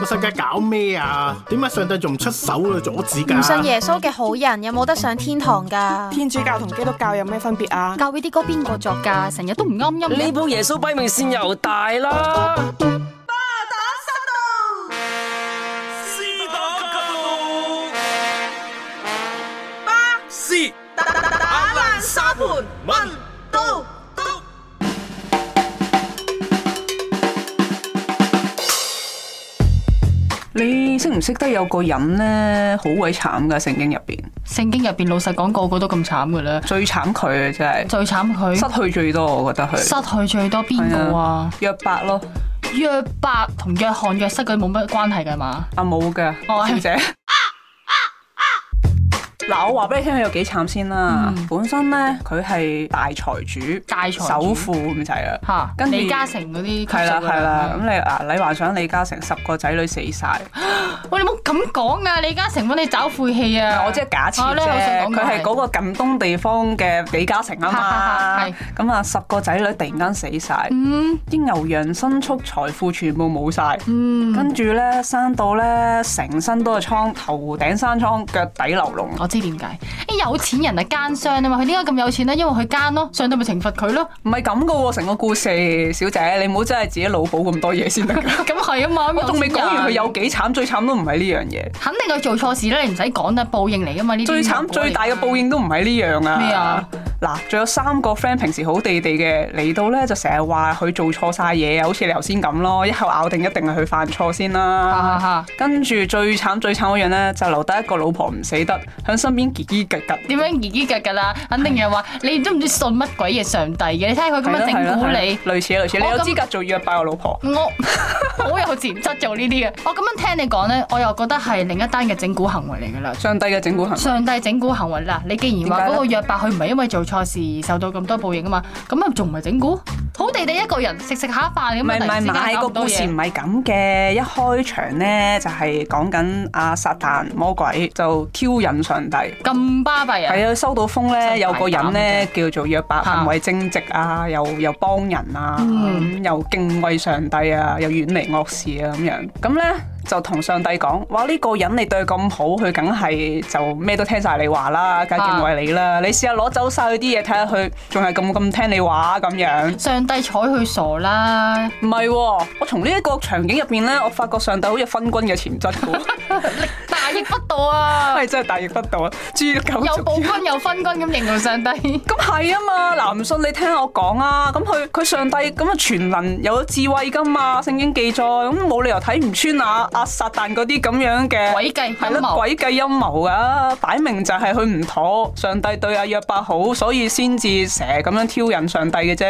個世界搞咩啊？點解上帝仲唔出手去阻止噶？唔信耶穌嘅好人有冇得上天堂噶？天主教同基督教有咩分別啊？教會啲歌邊個作噶？成日都唔啱音。呢部耶穌擺明先又大啦！巴打沙到，斯打，巴士打爛沙盤。你識唔識得有個人咧好鬼慘噶？聖經入邊，聖經入邊，老實講個個都咁慘噶啦，最慘佢啊，真係，最慘佢失去最多，我覺得佢失去最多邊個呀啊？約伯咯，約伯同約翰約失佢冇乜關係噶嘛？啊冇嘅，哦，係。嗱，我話俾你聽佢有幾慘先啦。本身咧佢係大財主、大首富咁滯啊。嚇，李嘉誠嗰啲係啦係啦。咁你啊，你話想李嘉誠十個仔女死晒？喂，你冇咁講啊！李嘉誠，你找晦氣啊！我即係假設啫，佢係嗰個近東地方嘅李嘉誠啊嘛。係咁啊，十個仔女突然間死晒，啲牛羊牲畜財富全部冇晒。跟住咧生到咧，成身都係瘡，頭頂生瘡，腳底流膿。點解？啲有錢人係奸商啊嘛，佢點解咁有錢咧？因為佢奸咯，上帝咪懲罰佢咯？唔係咁噶喎，成個故事，小姐你唔好真係自己腦補咁多嘢，先得噶。咁係啊嘛，我仲未講完佢有幾慘，最慘都唔係呢樣嘢。肯定佢做錯事咧，你唔使講啦，報應嚟噶嘛呢啲。最慘最大嘅報應都唔係呢樣啊。咩啊？嗱，仲有三個 friend 平時好地地嘅嚟到咧，就成日話佢做錯晒嘢，好似你頭先咁咯，一口咬定一定係佢犯錯先啦。嚇嚇，跟住最慘最慘嗰樣咧，就留低一個老婆唔死得，喺身邊 jejjej，點樣 jejjej 啦？肯定又話對你都唔知信乜鬼嘢上帝嘅，你睇下佢咁樣整蠱你。類似類似，以你有資格做約霸嘅老婆？我好有潛質做呢啲嘅。我咁樣聽你講咧，我又覺得係另一單嘅整蠱行為嚟噶啦。上帝嘅整蠱行為，上帝整蠱行為。嗱，你既然話嗰個約伯佢唔係因為做。賽事受到咁多報應啊嘛，咁啊仲唔係整蠱？好地地一個人食食下飯咁啊，突然之間搞到嘢。唔係唔係，個故事唔係咁嘅。一開場咧就係講緊阿撒旦魔鬼就挑引上帝，咁巴閉啊！係啊，收到風咧有個人咧叫做約伯，行為正直啊，又又幫人啊、嗯嗯，又敬畏上帝啊，又遠離惡事啊咁樣。咁咧。就同上帝講，哇！呢、呢個人你對佢咁好，佢梗係就咩都聽晒你話啦，梗係敬畏你啦。啊、你試下攞走晒佢啲嘢，睇下佢仲係咁咁聽你話咁樣。上帝睬佢傻啦，唔係、哦，我從呢一個場景入邊咧，我發覺上帝好似昏君嘅潛質，力 大逆不道啊， 真係大逆不道啊！又暴君，又昏君咁形容上帝，咁 係 啊嘛，嗱，唔信你聽我講啊，咁佢佢上帝咁啊全能有智慧噶嘛，聖經記載咁冇理由睇唔穿啊！阿撒但嗰啲咁樣嘅詭計係咯，詭計陰謀啊，擺明就係佢唔妥。上帝對阿約伯好，所以先至成日咁樣挑釁上帝嘅啫。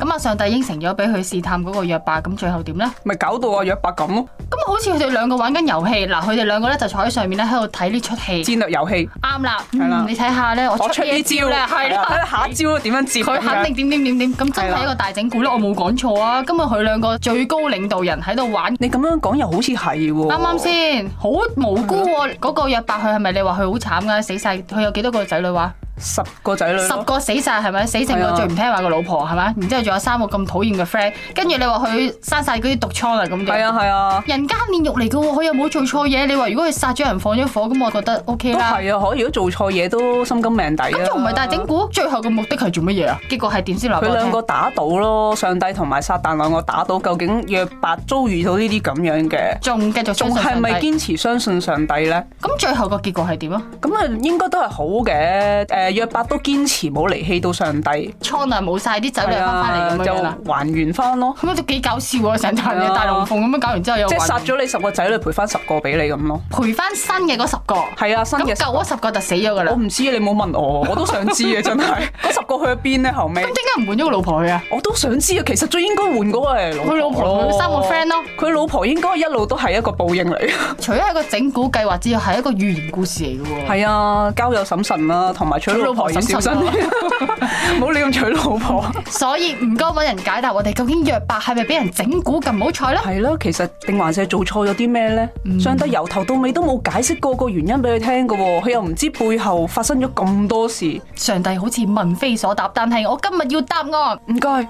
咁啊，上帝應承咗俾佢試探嗰個約伯，咁最後點咧？咪搞到阿約伯咁咯？咁啊，好似佢哋兩個玩緊遊戲嗱，佢哋兩個咧就坐喺上面咧喺度睇呢出戲，戰略遊戲啱啦，係啦，你睇下咧，我出呢招咧，係啦，下招點樣接？佢肯定點點點點，咁真係一個大整蠱咯！我冇講錯啊，今日佢兩個最高領導人喺度玩。你咁樣講又好似係。啱啱先，好無辜喎、啊。嗰、嗯、個若白佢係咪你話佢好慘㗎、啊，死曬，佢有幾多個仔女話、啊。十個仔女，十個死晒係咪？死剩個最唔聽話嘅老婆係咪？然之後仲有三個咁討厭嘅 friend，跟住你話佢生晒嗰啲毒瘡啊咁。係啊，係啊，啊人間煉獄嚟嘅喎，佢又冇做錯嘢。你話如果佢殺咗人放咗火咁，我覺得 O、OK、K 啦。係啊，可以如果做錯嘢都心甘命抵啊。咁仲唔係大整蠱？最後嘅目的係做乜嘢啊？結果係點先？佢兩個打到咯，上帝同埋撒旦兩個打到，究竟約伯遭遇到呢啲咁樣嘅？仲繼續仲係咪堅持相信上帝咧？咁最後個結果係點啊？咁啊，應該都係好嘅。約伯都堅持冇離棄到上帝，倉啊冇晒啲仔女翻返嚟，咁就還原翻咯。咁都幾搞笑喎！成大嘢大龍鳳咁樣搞完之後又即係殺咗你十個仔女，賠翻十個俾你咁咯。賠翻新嘅嗰十個係啊，新嘅舊嗰十個就死咗㗎啦。我唔知你冇問我，我都想知啊！真係嗰 十個去咗邊呢？後尾？咁點解唔換咗個老婆去啊？我都想知啊！其實最應該換嗰個係佢老婆，老婆三個 friend 咯。佢、哦、老婆應該一路都係一個報應嚟。 除咗係個整蠱計劃之外，係一個寓言故事嚟㗎喎。係啊，交友審慎啦、啊，同埋老 娶老婆小生，唔好理咁娶老婆。所以唔該揾人解答我，我哋究竟約伯係咪俾人整蠱咁唔好彩咧？係咯，其實定還是係做錯咗啲咩咧？上帝由頭到尾都冇解釋過個原因俾佢聽噶，佢又唔知背後發生咗咁多事。上帝好似問非所答，但係我今日要答案。唔該。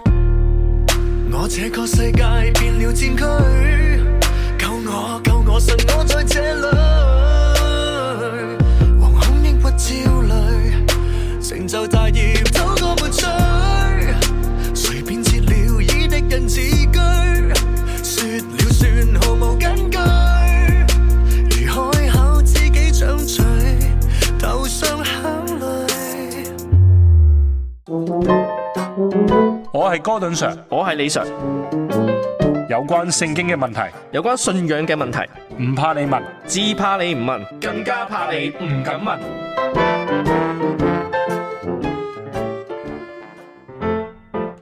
我這個世界我係哥頓 Sir，我係李 Sir。有關聖經嘅問題，有關信仰嘅問題，唔怕你問，只怕你唔問，更加怕你唔敢問。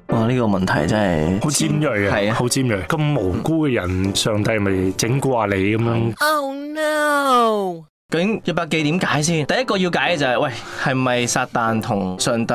哇！呢個問題真係好尖銳呀，好尖銳。咁無辜嘅人，上帝咪整蠱下你咁樣？Oh no！究竟一百記點解先？第一個要解嘅就係、是，喂，係咪撒旦同上帝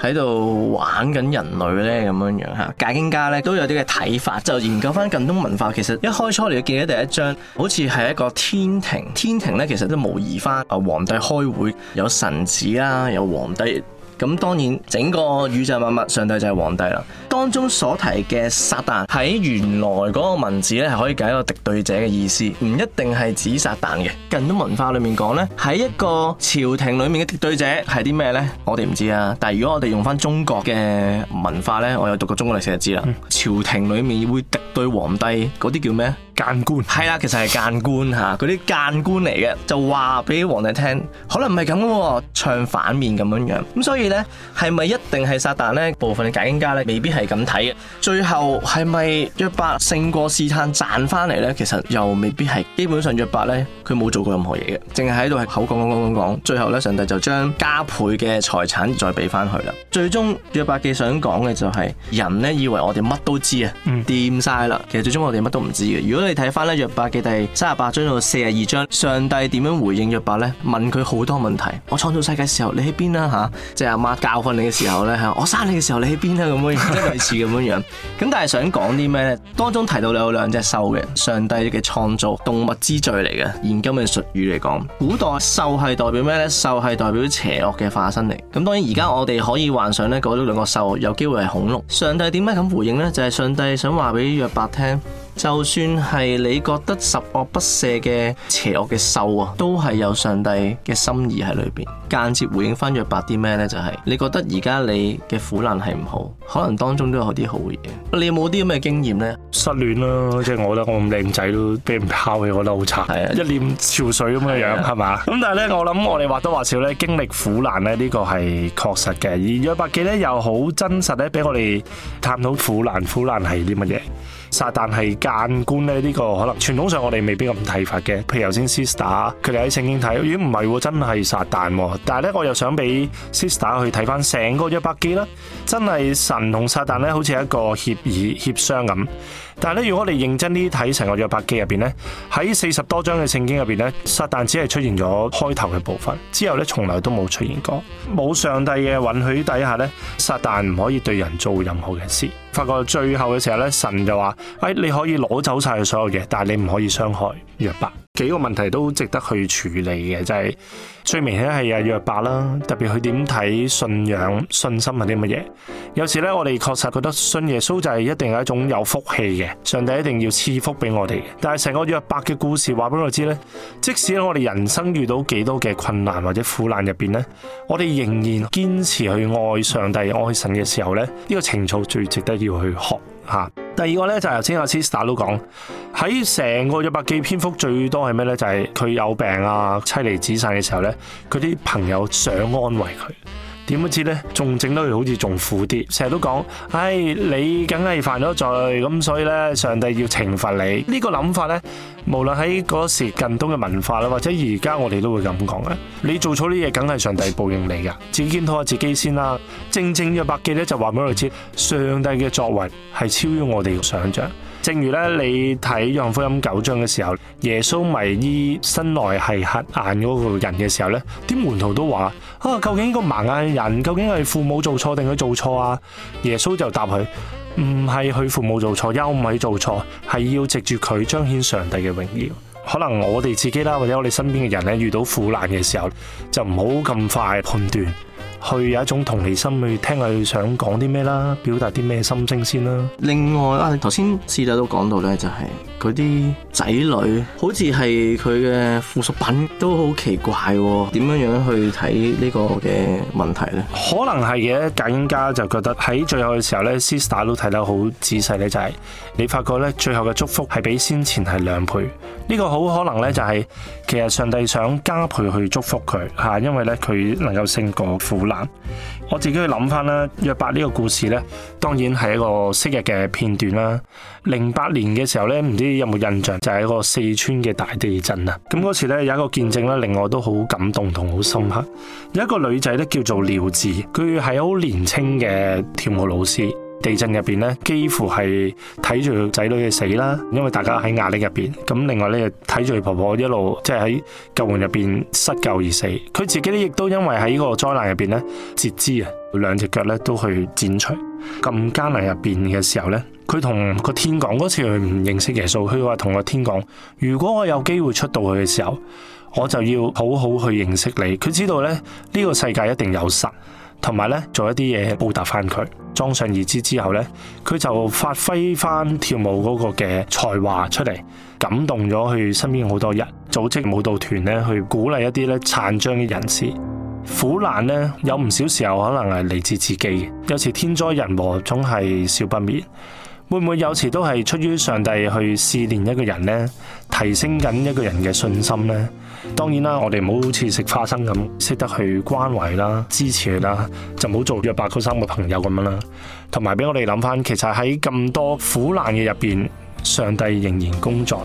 喺度玩緊人類呢？咁樣樣吓，解經家呢都有啲嘅睇法，就研究翻近東文化。其實一開初嚟，見咧第一章，好似係一個天庭，天庭呢，其實都模擬翻啊皇帝開會，有神子啦，有皇帝。咁當然，整個宇宙萬物，上帝就係皇帝啦。當中所提嘅撒旦喺原來嗰個文字咧，係可以解一個敵對者嘅意思，唔一定係指撒旦嘅。更多文化裏面講呢，喺一個朝廷裏面嘅敵對者係啲咩呢？我哋唔知啊。但係如果我哋用翻中國嘅文化呢，我有讀過中國歷史就知啦。嗯、朝廷裏面會敵對皇帝嗰啲叫咩？間官係啦，其實係間官嚇，嗰、啊、啲間官嚟嘅，就話俾皇帝聽，可能唔係咁喎，唱反面咁樣樣，咁所以呢，係咪一定係撒但呢？部分嘅解經家呢，未必係咁睇嘅。最後係咪約伯勝過試探賺翻嚟呢？其實又未必係，基本上約伯呢，佢冇做過任何嘢嘅，淨係喺度係口講講講講講。最後呢，上帝就將加倍嘅財產再俾翻佢啦。最終約伯既想講嘅就係、是、人呢，以為我哋乜都知啊，掂晒啦，其實最終我哋乜都唔知嘅。如果你你睇翻咧約伯嘅第三十八章到四十二章，上帝點樣回應約伯呢？問佢好多問題。我創造世界嘅時候，你喺邊啊？吓，即係阿媽教訓你嘅時候呢？吓， 我生你嘅時候，你喺邊啊？咁樣樣，類似咁樣樣。咁但係想講啲咩呢？當中提到你有兩隻獸嘅，上帝嘅創造動物之最嚟嘅，現今嘅術語嚟講，古代獸係代表咩呢？獸係代表邪惡嘅化身嚟。咁當然而家我哋可以幻想一個呢兩個獸有機會係恐龍。上帝點解咁回應呢？就係、是、上帝想話俾約伯聽。就算係你覺得十惡不赦嘅邪惡嘅獸啊，都係有上帝嘅心意喺裏邊，間接回應返約伯啲咩呢？就係、是、你覺得而家你嘅苦難係唔好，可能當中都有啲好嘢。你有冇啲咁嘅經驗呢？失戀啦、啊，即係我覺得我咁靚仔都俾人拋棄，我覺得好慘，啊、一臉憔悴咁樣樣，係嘛？咁但係呢，我諗我哋或多或少咧經歷苦難呢，呢、這個係確實嘅。而約伯記呢，又好真實呢，俾我哋探討苦難，苦難係啲乜嘢？撒旦係間觀咧，呢、這個可能傳統上我哋未必咁睇法嘅。譬如頭先 Sister 佢哋喺聖經睇，咦，唔係真係撒旦，但係呢，我又想俾 Sister 去睇返成個約伯記啦，真係神同撒旦呢，好似係一個協議協商咁。但係咧，如果你認真啲睇成個約伯記入邊呢，喺四十多章嘅聖經入邊呢，撒旦只係出現咗開頭嘅部分，之後呢從嚟都冇出現過。冇上帝嘅允許底下呢，撒旦唔可以對人做任何嘅事。發覺最後嘅時候呢，神就話：哎，你可以攞走晒所有嘢，但係你唔可以傷害約伯。幾個問題都值得去處理嘅，就係最明顯係阿約伯啦，特別佢點睇信仰、信心係啲乜嘢。有時呢，我哋確實覺得信耶穌就係一定係一種有福氣嘅，上帝一定要賜福俾我哋。但係成個約伯嘅故事話俾我知呢，即使我哋人生遇到幾多嘅困難或者苦難入邊呢，我哋仍然堅持去愛上帝、愛神嘅時候呢，呢個情操最值得要去學。嚇、啊，第二個咧就係頭先阿 Sister 都講，喺成個《約伯記》篇幅最多係咩咧？就係、是、佢有病啊、妻離子散嘅時候咧，佢啲朋友想安慰佢。點不知呢？仲整得佢好似仲苦啲，成日都講，唉、哎，你梗係犯咗罪，咁所以呢，上帝要懲罰你。呢、這個諗法呢，無論喺嗰時近東嘅文化啦，或者而家我哋都會咁講嘅，你做錯啲嘢，梗係上帝報應你噶。自己檢討下自己先啦。正正約伯記咧就話俾我哋知，上帝嘅作為係超於我哋嘅想象正如咧，你睇約翰福音九章嘅時候，耶穌迷醫身內係黑眼嗰個人嘅時候，呢啲門徒都話啊，究竟呢個盲眼人究竟係父母做錯定佢做錯啊？耶穌就答佢唔係佢父母做錯，又唔係佢做錯，係要藉住佢彰顯上帝嘅榮耀。可能我哋自己啦，或者我哋身邊嘅人呢，遇到苦難嘅時候，就唔好咁快判斷。去有一種同理心去聽佢想講啲咩啦，表達啲咩心聲先啦。另外啊，頭先 Sister 都講到呢，就係佢啲仔女好似係佢嘅附屬品，都好奇怪，哦。點樣樣去睇呢個嘅問題呢？可能係嘅，更加就覺得喺最後嘅時候呢，Sister 都睇得好仔細呢就係、是、你發覺呢，最後嘅祝福係比先前係兩倍，呢、這個好可能呢，就係、是。其實上帝想加倍去祝福佢吓，因為咧佢能夠勝過苦難。我自己去諗翻咧，約伯呢個故事咧，當然係一個昔日嘅片段啦。零八年嘅時候咧，唔知有冇印象，就係一個四川嘅大地震啊。咁嗰時咧有一個見證咧令我都好感動同好深刻，有一個女仔咧叫做廖智，佢係好年輕嘅跳舞老師。地震入邊咧，幾乎係睇住佢仔女嘅死啦，因為大家喺壓力入邊。咁另外咧，睇住佢婆婆一路即係喺救援入邊失救而死。佢自己咧亦都因為喺呢個災難入邊咧截肢啊，兩隻腳咧都去剪除。咁艱難入邊嘅時候咧，佢同個天講嗰次佢唔認識耶穌，佢話同個天講：如果我有機會出到去嘅時候，我就要好好去認識你。佢知道咧呢，呢個世界一定有神。同埋咧，做一啲嘢報答翻佢。裝上義肢之後呢，佢就發揮翻跳舞嗰個嘅才華出嚟，感動咗佢身邊好多人。組織舞蹈團咧，去鼓勵一啲咧殘障嘅人士。苦難咧，有唔少時候可能係嚟自自己，有時天災人禍總係少不免。會唔會有時都係出於上帝去試煉一個人呢？提升緊一個人嘅信心呢？當然啦，我哋唔好好似食花生咁，識得去關懷啦、支持啦，就唔好做約伯嗰三個朋友咁樣啦。同埋俾我哋諗翻，其實喺咁多苦難嘅入邊，上帝仍然工作。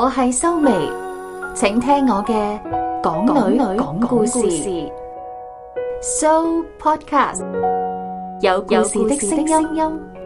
我係修眉，請聽我嘅港女講故事，So Podcast，有故事的聲音。